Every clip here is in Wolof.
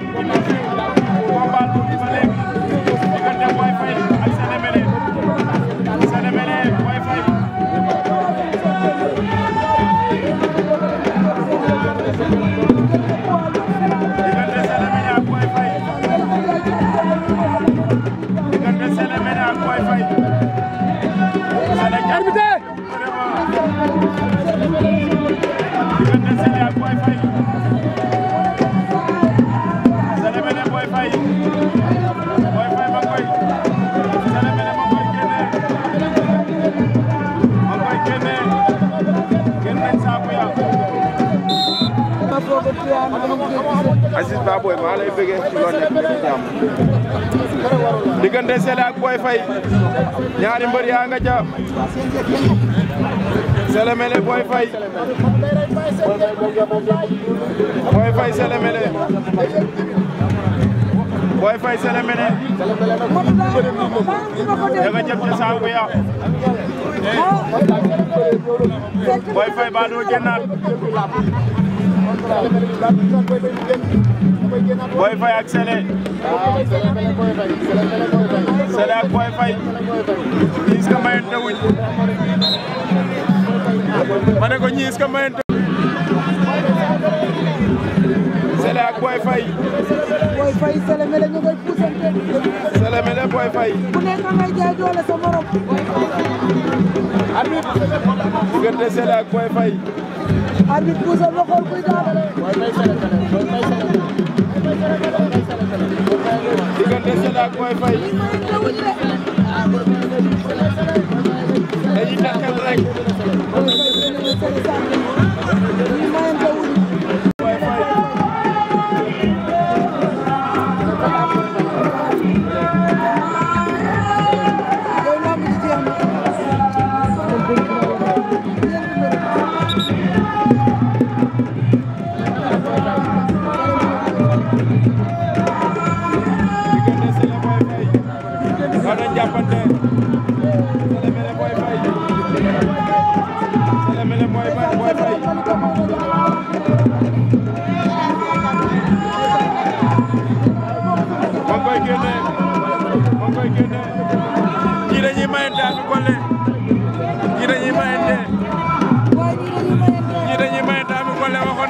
Bye. Aziz Ba Boy maa lay bëggee ci loo nekk ci jàmm diggante Sélé ak Boy Faye ñaari mbër yaa nga ca Sélé Mélé Boy Faye Boy Faye Sélé Mélé Boy Faye Sélé Mélé da nga jëm ca sànq ya Boy Faye ba doo génnaat Boy Faye ak Sélé. Sélé ak Boy Faye. ñii est-ce que mayante ko ñii est-ce que mayante. ak Boy Faye. Boy Faye Sélé Mélé ñu koy puusante. Sélé Mélé Boy Faye. ku nekk ngay jaay doole sa morom. arbitre diggante Sélé ak Boy Faye. arbitre puusal ma xool kuy daal. Boy Faye Sénégalais Boy Faye Sénégalais. diggante Séné ak Boy Faye. dañuy tàkkal rek. waxoon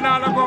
naa la ko